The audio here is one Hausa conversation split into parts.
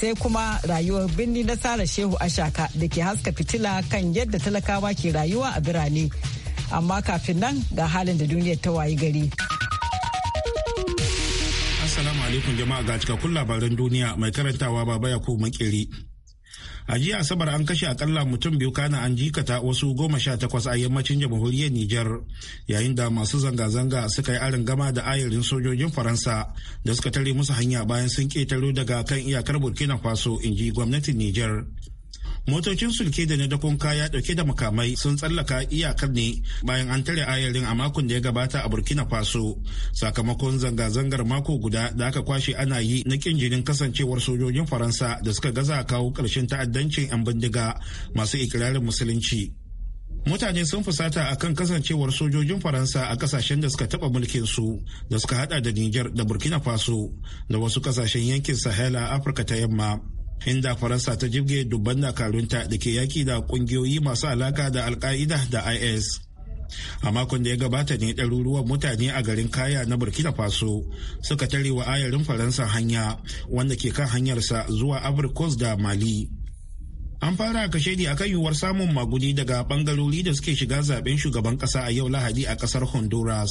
sai kuma rayuwar birni na Sara Shehu Ashaka da ke haska fitila kan yadda talakawa ke rayuwa a birane. Amma kafin nan ga halin da duniyar ta wayi gari. Assalamu alaikum jama'a ga cikakkun labaran duniya mai karantawa baba Yakubu Makeri. a jiya asabar an kashe akalla mutum biyu kana an jikata wasu goma sha takwas a yammacin jamhuriyar nijar yayin da masu zanga-zanga suka yi arin gama da ayarin sojojin faransa da suka tare musu hanya bayan sun ketaro daga kan iyakar burkina faso in ji gwamnatin nijar motocin sulke da na dakon kaya dauke da makamai sun tsallaka iyakar ne bayan an tare ayarin a makon da ya gabata a burkina faso sakamakon zanga-zangar mako guda da aka kwashe ana yi na kin jinin kasancewar sojojin faransa da suka gaza kawo ƙarshen ta'addancin 'yan bindiga masu ikirarin musulunci mutane sun fusata a kan kasancewar sojojin faransa a kasashen da suka taba mulkin su da suka hada da niger da burkina faso da wasu kasashen yankin sahel a afirka ta yamma inda faransa ta jibge dubban dakarunta da ke yaki da kungiyoyi masu alaka da alka'ida da is a makon da ya gabata ne ɗaruruwan mutane a garin kaya na burkina faso suka tare wa ayarin faransa hanya wanda ke kan hanyarsa zuwa abrikos da mali an fara kashe a kan yiwuwar samun magudi daga bangarori da suke shiga zaben shugaban kasa a yau lahadi a kasar honduras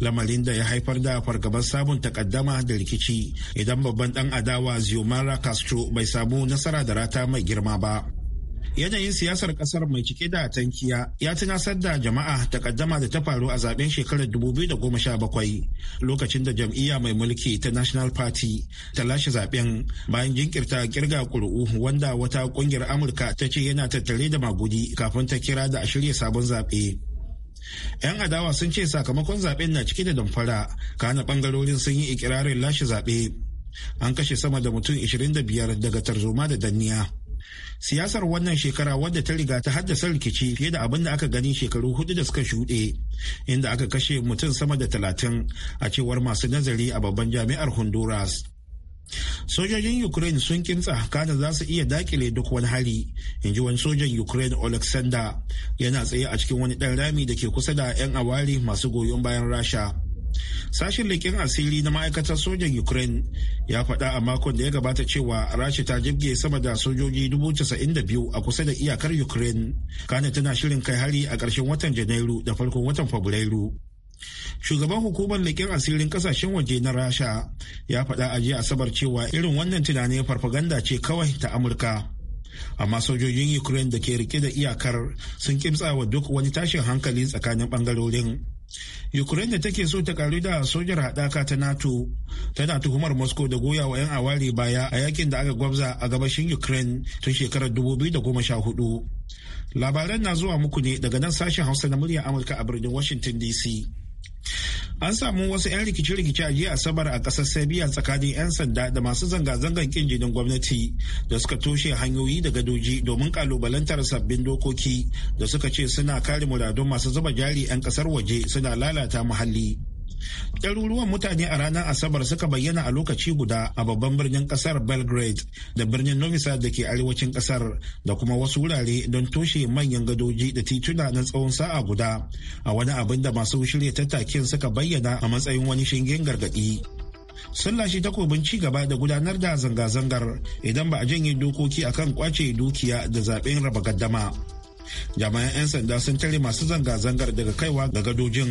lamarin da ya haifar da fargabar sabon takaddama da rikici idan babban dan adawa ziomara castro bai samu nasara da rata mai girma ba yanayin siyasar kasar mai cike da tankiya ya tunasar da jama'a takaddama da ta faru a zaben shekarar 2017 lokacin da jam'iyya mai mulki ta national party ta lashe zaben bayan jinkirta kirga kuri'u wanda wata kungiyar amurka ta ce yana tattare da magudi kafin ta kira da a shirya sabon zaɓe. 'yan adawa sun ce sakamakon zaben na cike da damfara kana bangarorin sun yi ikirarin lashe zaɓe an kashe sama da mutum 25 daga tarzoma da danniya siyasar wannan shekara wadda ta riga ta haddasa rikici fiye da abin da aka gani shekaru hudu da suka shuɗe inda aka kashe mutum sama da talatin a cewar masu nazari a babban jami'ar honduras sojojin ukraine sun kintsa kana za su iya dakile duk wani hari in ji wani sojan ukraine alexander yana tsaye a cikin wani ɗan rami da ke kusa da 'yan awari masu goyon bayan rasha Sashen leƙen asiri na ma'aikatar sojan Ukraine ya faɗa a makon da ya gabata cewa Rasha ta jirge sama da sojoji biyu a kusa da iyakar Ukraine. Kana tana shirin kai hari a ƙarshen watan Janairu da farkon watan Fabrairu. Shugaban hukumar leƙen asirin ƙasashen waje na Rasha ya faɗa a jiya Asabar cewa irin wannan tunanin farfaganda ce kawai ta Amurka. Amma sojojin Ukraine da ke rike da iyakar sun kimtsawa duk wani tashin hankali tsakanin ɓangarorin. ukraine da take so ta karu da sojar haɗaka ta nato tana tuhumar moscow da goya wa 'yan awari baya a yakin da aka gwabza a gabashin ukraine tun shekarar 2014 labaran na zuwa muku ne daga nan sashen hausa na murya amurka a birnin washington dc an samu wasu 'yan rikice-rikice a jiya asabar a kasar serbia tsakanin 'yan sanda da masu zanga-zangar kin jinin gwamnati da suka toshe hanyoyi da gadoji domin kalubalantar sabbin dokoki da suka ce suna kare muradun masu zuba jari 'yan kasar waje suna lalata muhalli ɗaruruwan mutane a ranar asabar suka bayyana a lokaci guda a babban birnin ƙasar belgrade da birnin novisa da ke arewacin ƙasar da kuma wasu wurare don toshe manyan gadoji da tituna na tsawon sa'a guda a wani abin da masu shirya tattakin suka bayyana a matsayin wani shingen gargaɗi sun lashe takobin ci gaba da gudanar da zanga-zangar idan ba a janye dokoki akan kwace dukiya da zaben raba gaddama. jami'an 'yan sanda sun tare masu zanga-zangar daga kaiwa ga gadojin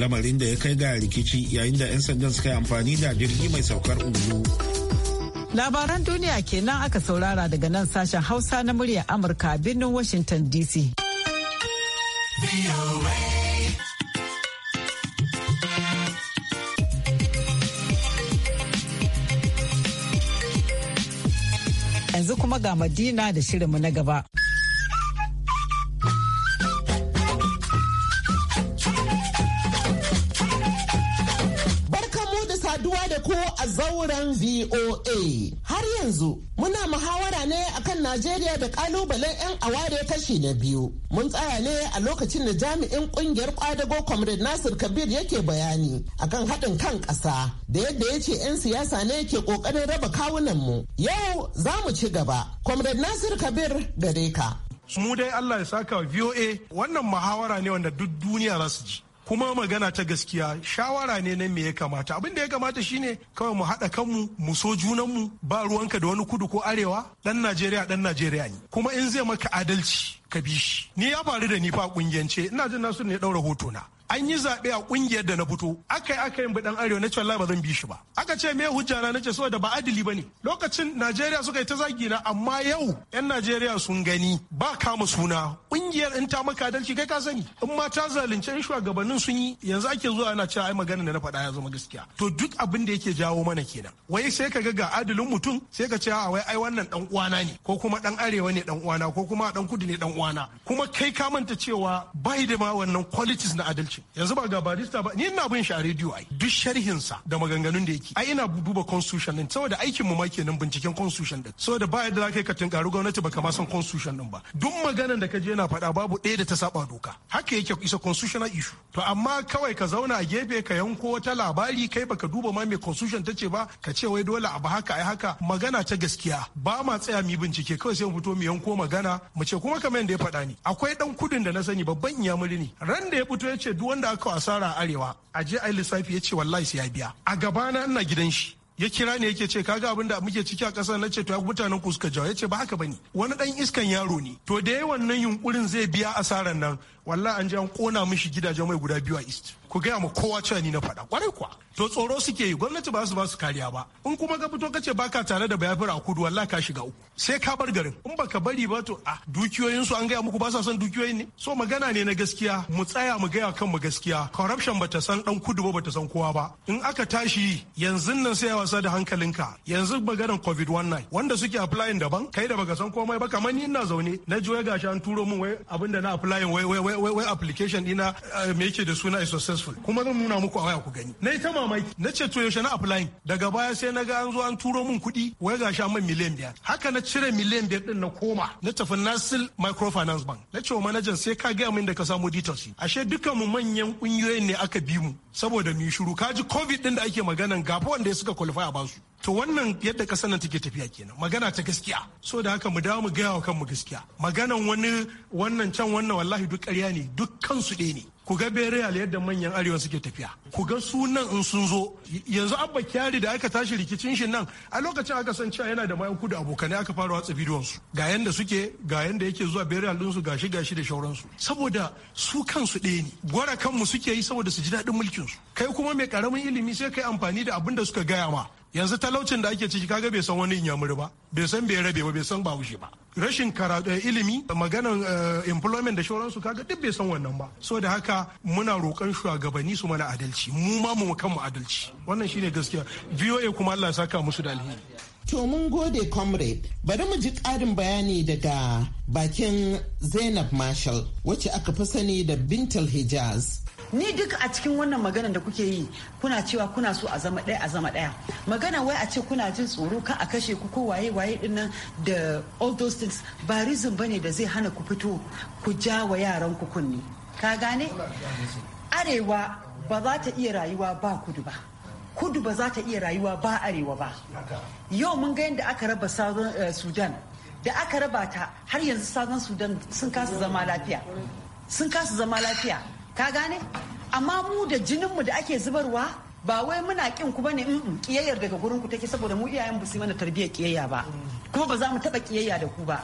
lamarin da ya kai ga rikici yayin da 'yan sandan suka yi amfani da jirgi mai saukar ulu labaran duniya kenan aka saurara daga nan sashen hausa na murya amurka a birnin washington dc yanzu kuma ga madina da shirinmu na gaba VOA. Har yanzu muna muhawara ne akan Najeriya da kalubalen 'yan aware kashi na biyu. Mun tsaya ne a lokacin da jami'in kungiyar kwadago Comrade Nasir Kabir yake bayani akan haɗin kan ƙasa da yadda ya ce 'yan siyasa ne ke ƙoƙarin raba kawunan mu. Yau za mu ci gaba. Comrade Nasir Kabir gare ka. Mu dai Allah ya saka VOA wannan muhawara ne wanda duk duniya za su ji. kuma magana ta gaskiya shawara ne na me ya kamata abin da ya kamata shine kawai mu haɗa kanmu mu so junanmu ba ruwanka da wani kudu ko arewa ɗan najeriya ɗan najeriya ne kuma in zai maka adalci ka bi shi ni ya faru da ni fa kungiyance ina jin nasu ne ɗaura hotona an yi zaɓe a ƙungiyar da na fito aka yi aka yin dan arewa na cewa ba zan bi shi ba aka ce me hujja na nace saboda ba adili bane lokacin Najeriya suka yi ta zagi na amma yau yan Najeriya sun gani ba kama suna ƙungiyar in ta maka kai ka sani in ma ta zalunce in shugabannin sun yi yanzu ake zuwa ana cewa ai magana da na faɗa ya zama gaskiya to duk abin da yake jawo mana kenan wai sai ka ga ga adalin mutum sai ka ce a wai ai wannan dan uwana ne ko kuma dan arewa ne dan uwana ko kuma dan kudu ne dan uwana kuma kai ka manta cewa bai da ma wannan qualities na adalci shi yanzu ba ga barista ba ni ina bin shi a rediyo ai duk sharhin sa da maganganun da yake ai ina duba constitution din saboda aikin mu ma kenan binciken constitution din saboda ba yadda zaka ka tunkaru gwamnati baka ma san constitution din ba duk maganan da ka je yana faɗa babu ɗaya da ta saba doka haka yake isa constitutional issue to amma kawai ka zauna a gefe ka yanko wata labari kai baka duba ma me constitution ta ce ba ka ce wai dole a abu haka ai haka magana ta gaskiya ba ma tsaya mu bincike kawai sai mu fito mu yanko magana mu ce kuma kamar yadda ya faɗa ni akwai dan kudin da na sani babban iyamuri ne ran da ya fito ya ce duk wanda aka asara a arewa a je ai lissafi ya ce wallahi sai ya biya a gabana ina gidan shi ya kira ne yake ce kaga abin da muke ciki a ƙasar na ce to mutanen ku suka jawo ya ce ba haka bane wani dan iskan yaro ne to da yawan nan yunkurin zai biya asaran nan Walla an je an kona mishi gidajen mai guda biyu a east ku gaya ma kowa cewa ni na faɗa kwarai kuwa to tsoro suke yi gwamnati ba su ba su kariya ba in kuma ka fito kace baka tare da bayafira a kudu wallah ka shiga uku sai ka bar garin in baka bari ba to a ah, dukiyoyin su an gaya muku ba sa son dukiyoyin ne so magana ne na gaskiya mu tsaya mu gaya kan mu gaskiya corruption ba ta san dan kudu ba ta san kowa ba in aka tashi yanzu nan sai wasa da hankalinka yanzu maganar covid 19 wanda suke applying daban kai da baka san komai ba kamar ni ina zaune na juya gashi an turo min wai abinda na applying wai wai wai application dina eh, me yake da suna is successful kuma zan nuna muku a waya ku gani na ita mamaki na ce to yaushe na applying daga baya sai na ga an zo an turo min kuɗi wai ga sha man miliyan biyar haka na cire miliyan biyar din na koma na tafi Nasil Microfinance Bank na ce wa manajan sai ka gaya min da ka samu details ashe dukkan mu manyan kungiyoyin ne aka bi mu saboda mu shiru kaji covid din da ake maganan gafa wanda suka qualify a basu to wannan yadda kasar nan take tafiya kenan magana ta gaskiya so da haka mu dawo mu gaya wa kanmu gaskiya maganan wani wannan can wannan wallahi duk ƙarya ne dukkan su ɗaya ne ku ga bereyal yadda manyan arewa suke tafiya ku ga sunan in sun zo yanzu abba kyari da aka tashi rikicin shi nan a lokacin aka san cewa yana da mayan kudu abokanai aka fara watsa bidiyon su ga yanda suke ga yanda yake zuwa bereyal din su gashi gashi da shauransu saboda su kansu ɗaya ne gwara kanmu suke yi saboda su ji daɗin mulkin su kai kuma mai karamin ilimi sai kai amfani da abin da suka gaya ma yanzu talaucin da ake ciki kaga bai san wani in inyamuri ba bai san bai rabe ba bai san bahaushe ba rashin karatu eh, ilimi maganan eh, employment da shauransu kaga duk bai san wannan ba so da haka muna roƙon shugabanni su mana adalci mu ma mu kanmu adalci wannan shine gaskiya voa kuma allah saka musu da alheri To mun gode comrade bari mu ji ƙarin bayani daga bakin Zainab marshal wacce aka fi sani da Bintal Hijaz. Ni duk a cikin wannan magana da kuke yi kuna cewa kuna so a zama ɗaya a zama ɗaya. Magana wai a ce kuna jin tsoro ka a kashe ku ko waye waye dinnan da all those things ba reason bane da zai hana ku fito ku ja wa yaran ku kunni. ka gane arewa ba za ta iya rayuwa ba kudu ba kudu ba za ta iya rayuwa ba arewa ba yau mun ga yadda aka raba eh, sudan da aka raba ta har yanzu sabon sudan sun kasa zama lafiya sun kasa zama lafiya ka gane amma mu da jininmu da ake zubarwa ba wai muna kin ku bane in kiyayyar daga gurin ku take saboda mu iyayen ba su mana tarbiyyar kiyayya ba kuma ba za mu taba kiyayya da ku ba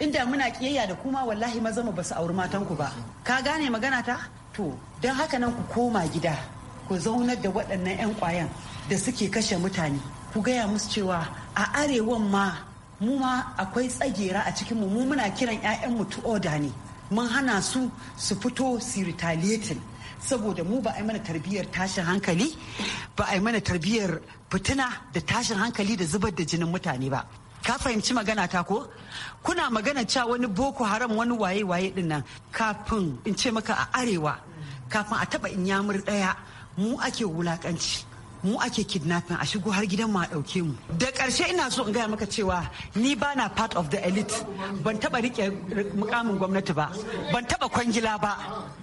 inda muna kiyayya da kuma wallahi maza mu basu auri matan ku ba ka gane magana ta to don haka nan ku koma gida ku zaunar da waɗannan 'yan kwayan da suke kashe mutane ku gaya musu cewa a arewan ma mu ma akwai tsagera a cikin mu muna kiran mu to order ne mun hana su su fito su retaliating saboda mu ba a yi mana tarbiyyar tashin hankali ba a yi mana tarbiyyar fitina da tashin hankali da zubar da jinin mutane ba ka fahimci magana ta ko kuna magana cewa wani boko haram wani waye waye din nan kafin in ce maka a arewa kafin a taba inyamur daya mu ake wulakanci mu ake kidnapping a shigo har gidan mu a ɗauke mu da ƙarshe ina so in gaya maka cewa ni ba na part of the elite ban taba rike mukamin gwamnati ba ban taba kwangila ba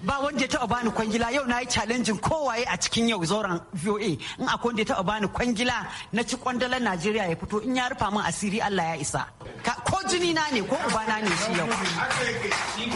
ba wanda ya taba bani kwangila yau na yi challenging kowaye a cikin yau zauren VOA in akwai wanda ya taba bani kwangila na ci kwandalan Najeriya ya fito in ya rufa min asiri Allah ya isa ko jini na ne ko ubana ne shi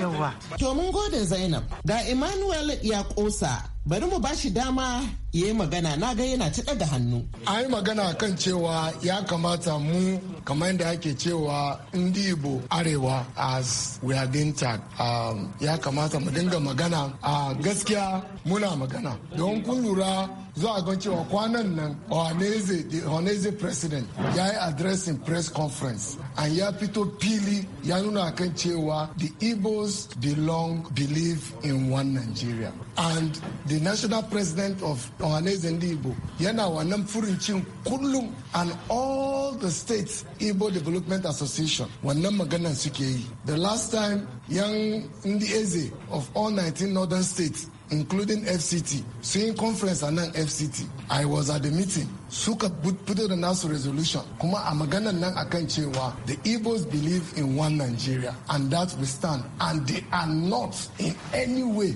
yau to mun gode Zainab ga Emmanuel ya kosa bari mu bashi dama ya yi magana na ga yana ta daga hannu. A yi magana kan cewa ya kamata mu kamar yadda ake cewa ndi Igbo arewa as we are being tagged. Um, ya kamata mu dinga magana a gaskiya muna magana. Don kun lura za a gan cewa kwanan nan Ohaneze, the Ohaneze president ya yi addressing press conference and ya fito fili ya nuna kan cewa the Igbos belong believe in one Nigeria and the national president of Ohaneze ndị Igbo yana wannan furincin kullum and all the states Igbo Development Association wannan maganan suke yi. The last time yan ndị eze of all 19 northern states including fct sun conference a nan fct i was at the meeting suka fito da nasu resolution kuma a maganar nan akan cewa the igbos believe in one nigeria and that we stand and they are not in any way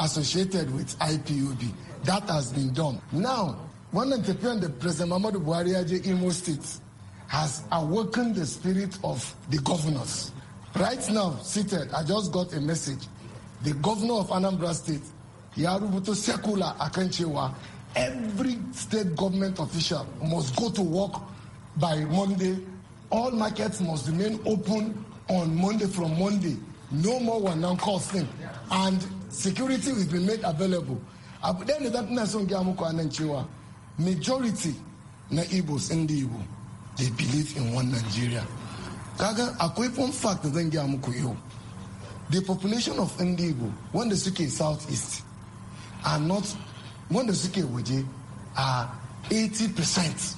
associated with ipob that has been done now wannan tafiyan da president muhammadu buhari ya je imo state has awakened the spirit of the governors right now seated i just got a message the governor of anambra state ya rubuta sekula akan cewa every state government official must go to work by monday all markets must remain open on monday from monday no more wannan costing and security will be made available abu ɗaya ne son gaya muku a nan cewa majority na igbos in the igbo they believe in one nigeria kaga akwai fun fact da zan gaya muku yau the population of indigo wanda suke south east are not wanda suke waje are 80 percent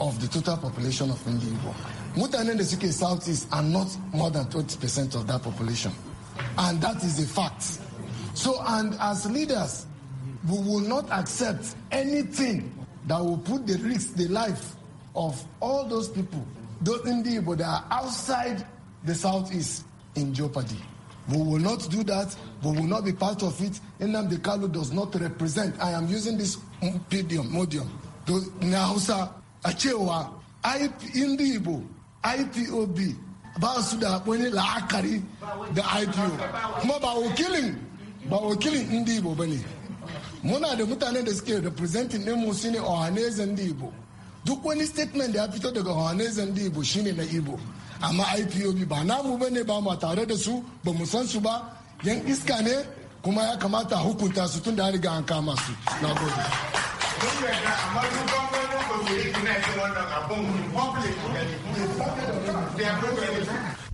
of the total population of Indian Igbo. Mutanen da suke southeast are not more than 20 percent of that population. And that is a fact. So, and as leaders, we will not accept anything that will put the risk, the life of all those people, those Indian Igbo that are outside the southeast in jeopardy. We will not do that. We will not be part of it. Nnamdi Kalu does not represent. I am using this podium, modium. Na Hausa, a cewa ndi Igbo, IPOB, ba su da wani la'akari da IPO. Kuma ba wakilin, ba wakilin ndi Igbo ba ne. Muna da mutanen da suke representing ɗinmu su ne Ohanezan ndị Igbo. Duk wani statement da ya fito daga Ohanezan ndị Igbo shine na Igbo. amma ipob ba namu ba ne ba ma tare da su ba mu san su ba yan iska ne kuma ya kamata hukunta su tun da riga an kama su na gode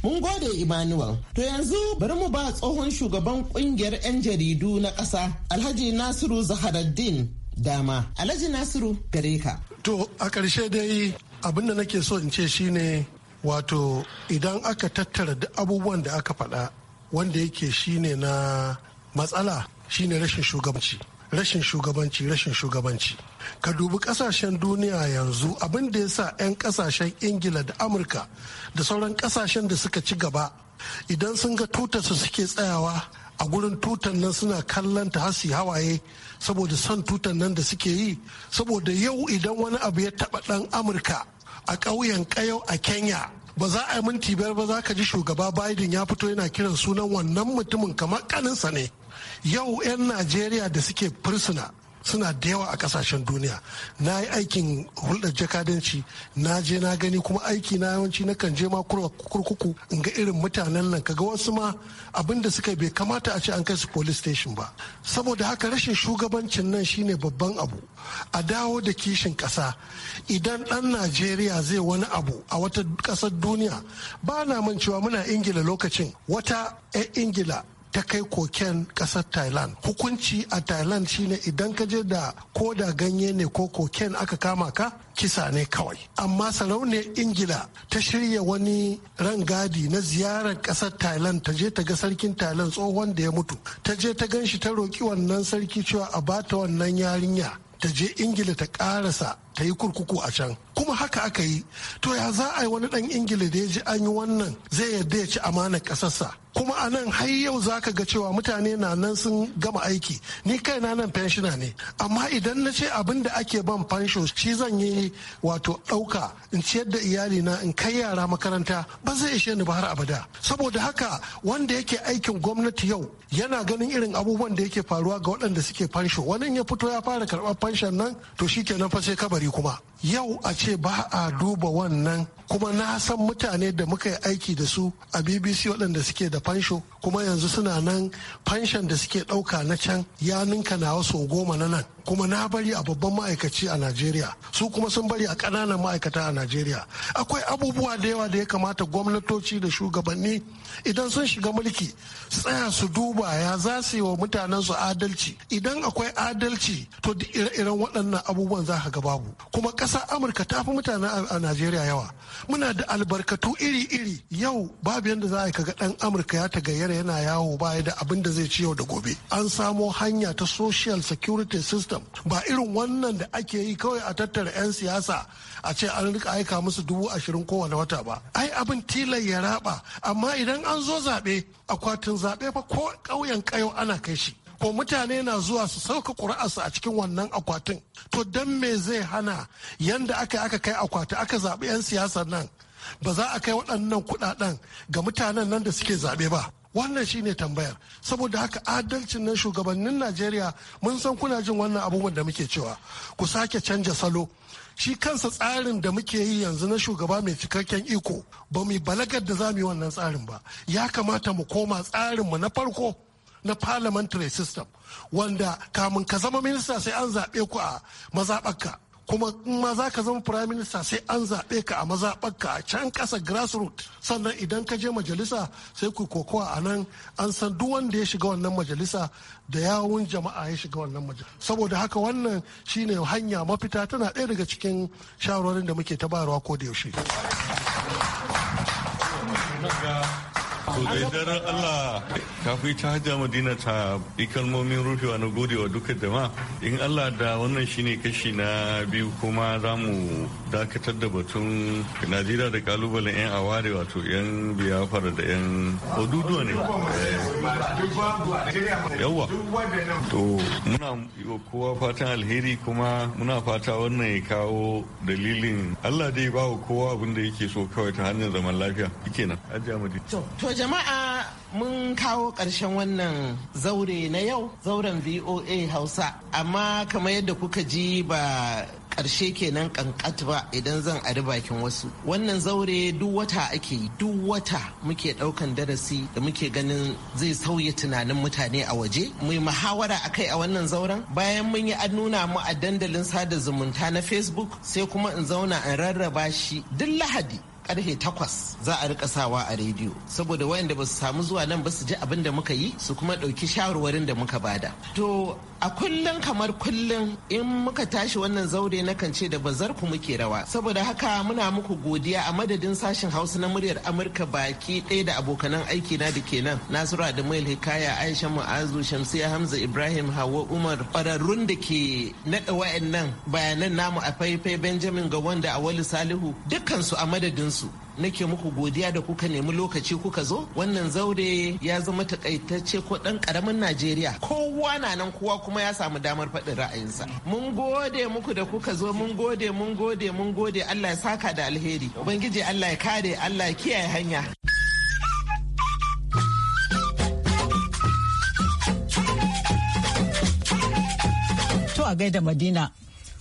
Mun gode Emmanuel. To yanzu bari mu ba tsohon shugaban kungiyar 'yan jaridu na ƙasa Alhaji Nasiru Zaharaddin dama. Alhaji Nasiru gare ka. To a ƙarshe dai abin da nake so in ce shine wato idan aka tattara duk abubuwan da aka faɗa wanda yake shine na matsala shine rashin shugabanci rashin shugabanci rashin shugabanci ka dubi kasashen duniya yanzu abin da ya sa 'yan kasashen ingila da amurka da sauran kasashen da suka ci gaba idan sun ga tutar su suke tsayawa a gurin tutar nan suna kallon ta hasi hawaye saboda son tutar nan da suke yi saboda yau idan wani abu ya taba dan amurka a ƙauyen ƙayau a kenya ba za a yi minti biyar ba za ka ji shugaba biden ya fito yana kiran sunan wannan mutumin kamar kaninsa ne yau 'yan najeriya da suke fursuna suna da yawa a kasashen duniya na yi aikin hulɗar jakadanci na je na gani kuma aiki na yawanci na kan je ma kurkuku in ga irin mutanen nan kaga wasu ma abin da suka bai kamata a ce an kai su police station ba saboda haka rashin shugabancin nan shine babban abu a dawo da kishin ƙasa idan ɗan najeriya zai wani abu a wata ƙasar duniya ba na mancewa muna ingila lokacin wata 'yan ingila ta kai koken kasar thailand hukunci a thailand shine idan ka je da ko da ganye ne ko koken aka kama ka kisa ne kawai amma sarauniyar ingila ta shirya wani rangadi na ziyarar kasar thailand ta je ta ga sarkin thailand tsohon da ya mutu ta je ta ganshi ta roki wannan sarki cewa a bata wannan yarinya ta je ingila ta karasa ta yi kurkuku a can kuma haka aka yi to ya za a yi wani dan ingila da ya ji an yi wannan zai yarda ya ci amana kasarsa kuma a nan har yau za ka ga cewa mutane na nan sun gama aiki ni kai na nan fenshina ne amma idan na ce abin da ake ban fansho shi zan yi wato ɗauka in ciyar da iyali na in kai yara makaranta ba zai ishe ni ba har abada saboda haka wanda yake aikin gwamnati yau yana ganin irin abubuwan da yake faruwa ga waɗanda suke fansho wani ya fito ya fara karɓar fanshon nan to shi kenan fa sai kabari kuma yau a ce ba a duba wannan kuma na san mutane da muka yi aiki da su a bbc waɗanda suke da fansho kuma yanzu suna nan fanshon da suke ɗauka na can ya ninka na wasu goma na nan kuma na bari a babban ma'aikaci a najeriya su kuma sun bari a ƙananan ma'aikata a najeriya akwai abubuwa da yawa da ya kamata gwamnatoci da shugabanni idan sun shiga mulki tsaya su duba ya za su yi wa mutanen su adalci idan akwai adalci to ire-iren waɗannan abubuwan za ka ga babu kuma ƙasa amurka ta fi mutanen a najeriya yawa muna da albarkatu iri-iri yau babu yadda za a kaga dan amurka ya tagayyara yana yawo baya da abin da zai ci yau da gobe an samo hanya ta social security system ba irin wannan da ake yi kawai a tattara 'yan siyasa a ce an rika aika musu dubu ashirin kowane wata ba ai abin tilai ya raba amma idan an zo zaɓe akwatin zaɓe fa ko ƙauyen kayo ana kai shi ko mutane na zuwa su sauka ƙuri'arsu a cikin wannan akwatin to don me zai hana yanda aka aka kai akwati aka zaɓi 'yan siyasar nan ba za a kai waɗannan kuɗaɗen ga mutanen nan da suke zaɓe ba wannan shine tambayar saboda haka adalcin nan shugabannin najeriya mun san kuna jin wannan abubuwan da muke cewa ku sake canja salo shi kansa tsarin da muke yi yanzu na shugaba mai cikakken iko ba mu balagar da za mu yi wannan tsarin ba ya kamata mu koma tsarinmu na farko na parliamentary system wanda kamun ka zama minista sai an zaɓe ku a mazaɓarka kuma in ma za ka zama prime minister sai an zaɓe ka a mazaɓarka a can ƙasa grassroots sannan idan ka je majalisa sai ku kokowa a nan an san duk wanda ya shiga wannan majalisa da yawun jama'a ya shiga wannan majalisa saboda haka wannan shine hanya mafita tana ɗaya daga cikin shawarwarin da muke ta bayarwa ko da yaushe. To da idan Allah kafin ta hajja Madina ta yi kalmomin rufewa na godewa duka jama in Allah da wannan shine kashi na biyu kuma za mu dakatar da batun Najeriya da kalubalen 'yan aware wato 'yan biyafar da 'yan oduduwa ne. Yawwa. To muna yi kowa fatan alheri kuma muna fata wannan ya kawo dalilin Allah dai ba kowa abin da yake so kawai ta hanyar zaman lafiya. Ike nan. Hajja Madina. jama'a mun kawo ƙarshen wannan zaure na yau zauren VOA Hausa. Amma kamar yadda kuka ji ba ƙarshe kenan kankat ba idan zan ari bakin wasu. Wannan zaure duk wata ake yi, duk wata muke ɗaukan darasi da muke ganin zai sauya tunanin mutane a waje. Mai muhawara kai a wannan zauren bayan mun yi an nuna mu a dandalin sada zumunta na Facebook sai kuma in zauna in rarraba shi duk lahadi karfe takwas za a rika sawa a rediyo saboda wayanda ba su samu zuwa nan ba su ji abin da muka yi su kuma ɗauki shawarwarin da muka bada to a kullum kamar kullum in muka tashi wannan zaure na kan ce da bazar ku muke rawa saboda haka muna muku godiya a madadin sashen hausa na muryar amurka baki ɗaya da abokanan aiki na da kenan nasiru adamuel hikaya aisha mu'azu shamsiya hamza ibrahim hawa umar ƙwararrun da ke naɗa wa'annan bayanan namu a faifai benjamin ga wanda a wali salihu dukkansu a madadinsu nake muku godiya da kuka nemi lokaci kuka zo wannan zaure ya zama takaitacce ko dan karamin najeriya kowa na nan kowa kuma ya samu damar faɗin ra'ayinsa mun gode muku da kuka zo mun gode mun gode mun gode allah ya saka da alheri ubangiji allah ya kare allah ya kiyaye hanya a gaida Madina.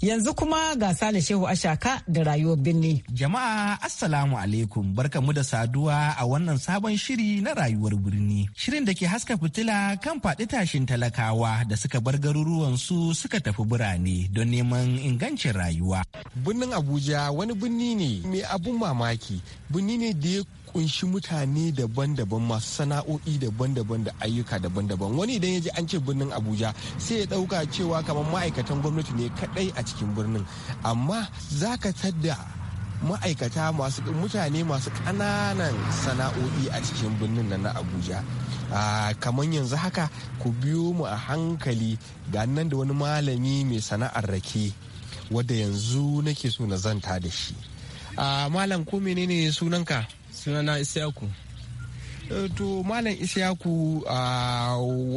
Yanzu kuma ga Sale Shehu Ashaka da rayuwar birni. Jama'a Assalamu alaikum barkamu da saduwa a wannan sabon shiri na rayuwar birni. Shirin da ke haska fitila kan faɗi tashin talakawa da suka bar garuruwan su suka tafi birane don neman ingancin rayuwa. Birnin Abuja wani birni ne mai abun mamaki. Birni ne da ya kunshi mutane daban-daban masu sana'o'i daban-daban da ayyuka daban-daban wani idan ya ji an ce birnin abuja sai ya dauka cewa kamar ma'aikatan gwamnati ne kadai a cikin birnin amma za ka tadda ma'aikata masu mutane masu kananan sana'o'i a cikin birnin na abuja Uh, kamar yanzu haka ku biyo mu a hankali ga nan da wani malami mai sana'ar rake wadda yanzu nake so na zanta da shi a malam ko menene sunanka sunana isyaku eh, to malam isyaku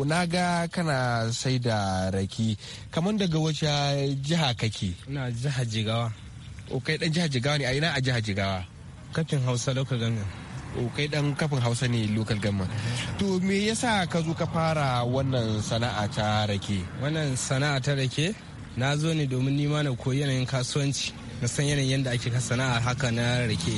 na ga kana sai da raki kamar daga wace jiha kake na jiha jigawa o oh, kai dan jiha jigawa ne a ina a jiha jigawa kafin hausa local government o oh, kai dan kafin hausa ne local government to me yasa ka zo ka fara wannan sana'a ta rake wannan sana'a ta rake na zo ne domin nima na koyi yanayin kasuwanci na san yanayin yadda ake ka sana'a haka na rake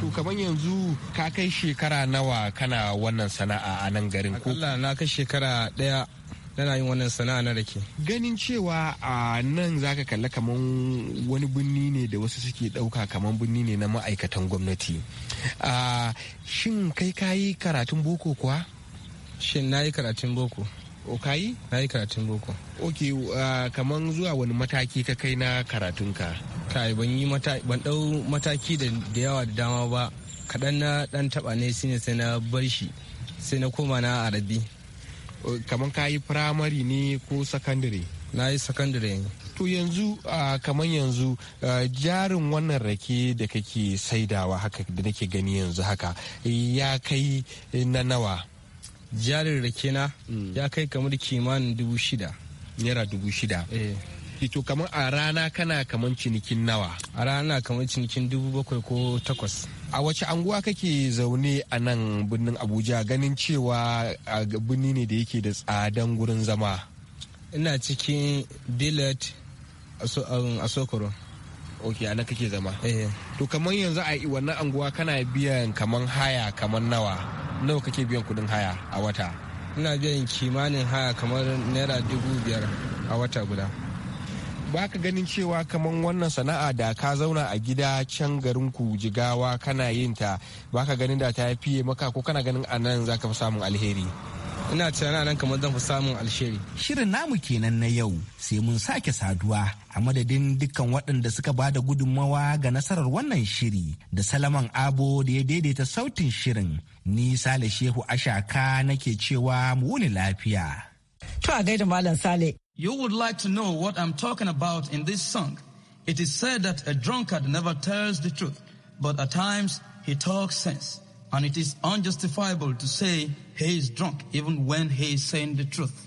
to kamar yanzu ka kai shekara nawa kana wannan sana'a a nan garin ko Allah na kai shekara daya tana yin wannan sana'a na rake. Ganin cewa a nan zaka kalla kaman wani birni ne da wasu suke ɗauka kaman birni ne na ma'aikatan gwamnati. Shin kai kayi karatun boko kuwa? Shin na yi karatun boko. o kayi na yi karatun boko ok uh, kaman zuwa wani mataki ka kai na karatunka kai ban yi ban dau mataki da yawa da dama ba kaɗan na ɗan taɓa ne shine sai na bar shi sai na koma na arabi uh, kaman ka yi firamare ne ko sakandare na yi sakandare ne to yanzu uh, kamar yanzu jarin wannan rake da kake saidawa haka da nake gani yanzu haka ya kai na nawa jarin rake na mm. ya kai kamar kimanin dubu shida naira dubu shida eh. to kamar a rana kana kamar cinikin nawa a rana kamar cinikin dubu bakwai ko takwas a wace anguwa kake zaune a nan birnin abuja ganin cewa a birni ne da yake da tsadan gurin zama ina cikin billet um, a sokoro ok nan kake zama eh. to kamar yanzu a wannan anguwa kana biyan kamar haya kamar nawa nawa kake biyan kuɗin haya a wata ina biyan kimanin haya kamar naira dubu biyar a wata guda ba ka ganin cewa kamar wannan sana'a da ka zauna a gida can garin ku jigawa kana yin ta ba ka ganin da ta fiye maka ko kana ganin anan zaka fi samun alheri ina tunanin nan kamar zan fi samun alsheri shirin namu kenan na yau sai mun sake saduwa a madadin dukkan waɗanda suka ba da gudunmawa ga nasarar wannan shiri da salaman abo da ya daidaita sautin shirin ni sale shehu ashaka nake cewa mu lafiya to a gaida malam sale you would like to know what i'm talking about in this song it is said that a drunkard never tells the truth but at times he talks sense And it is unjustifiable to say he is drunk even when he is saying the truth.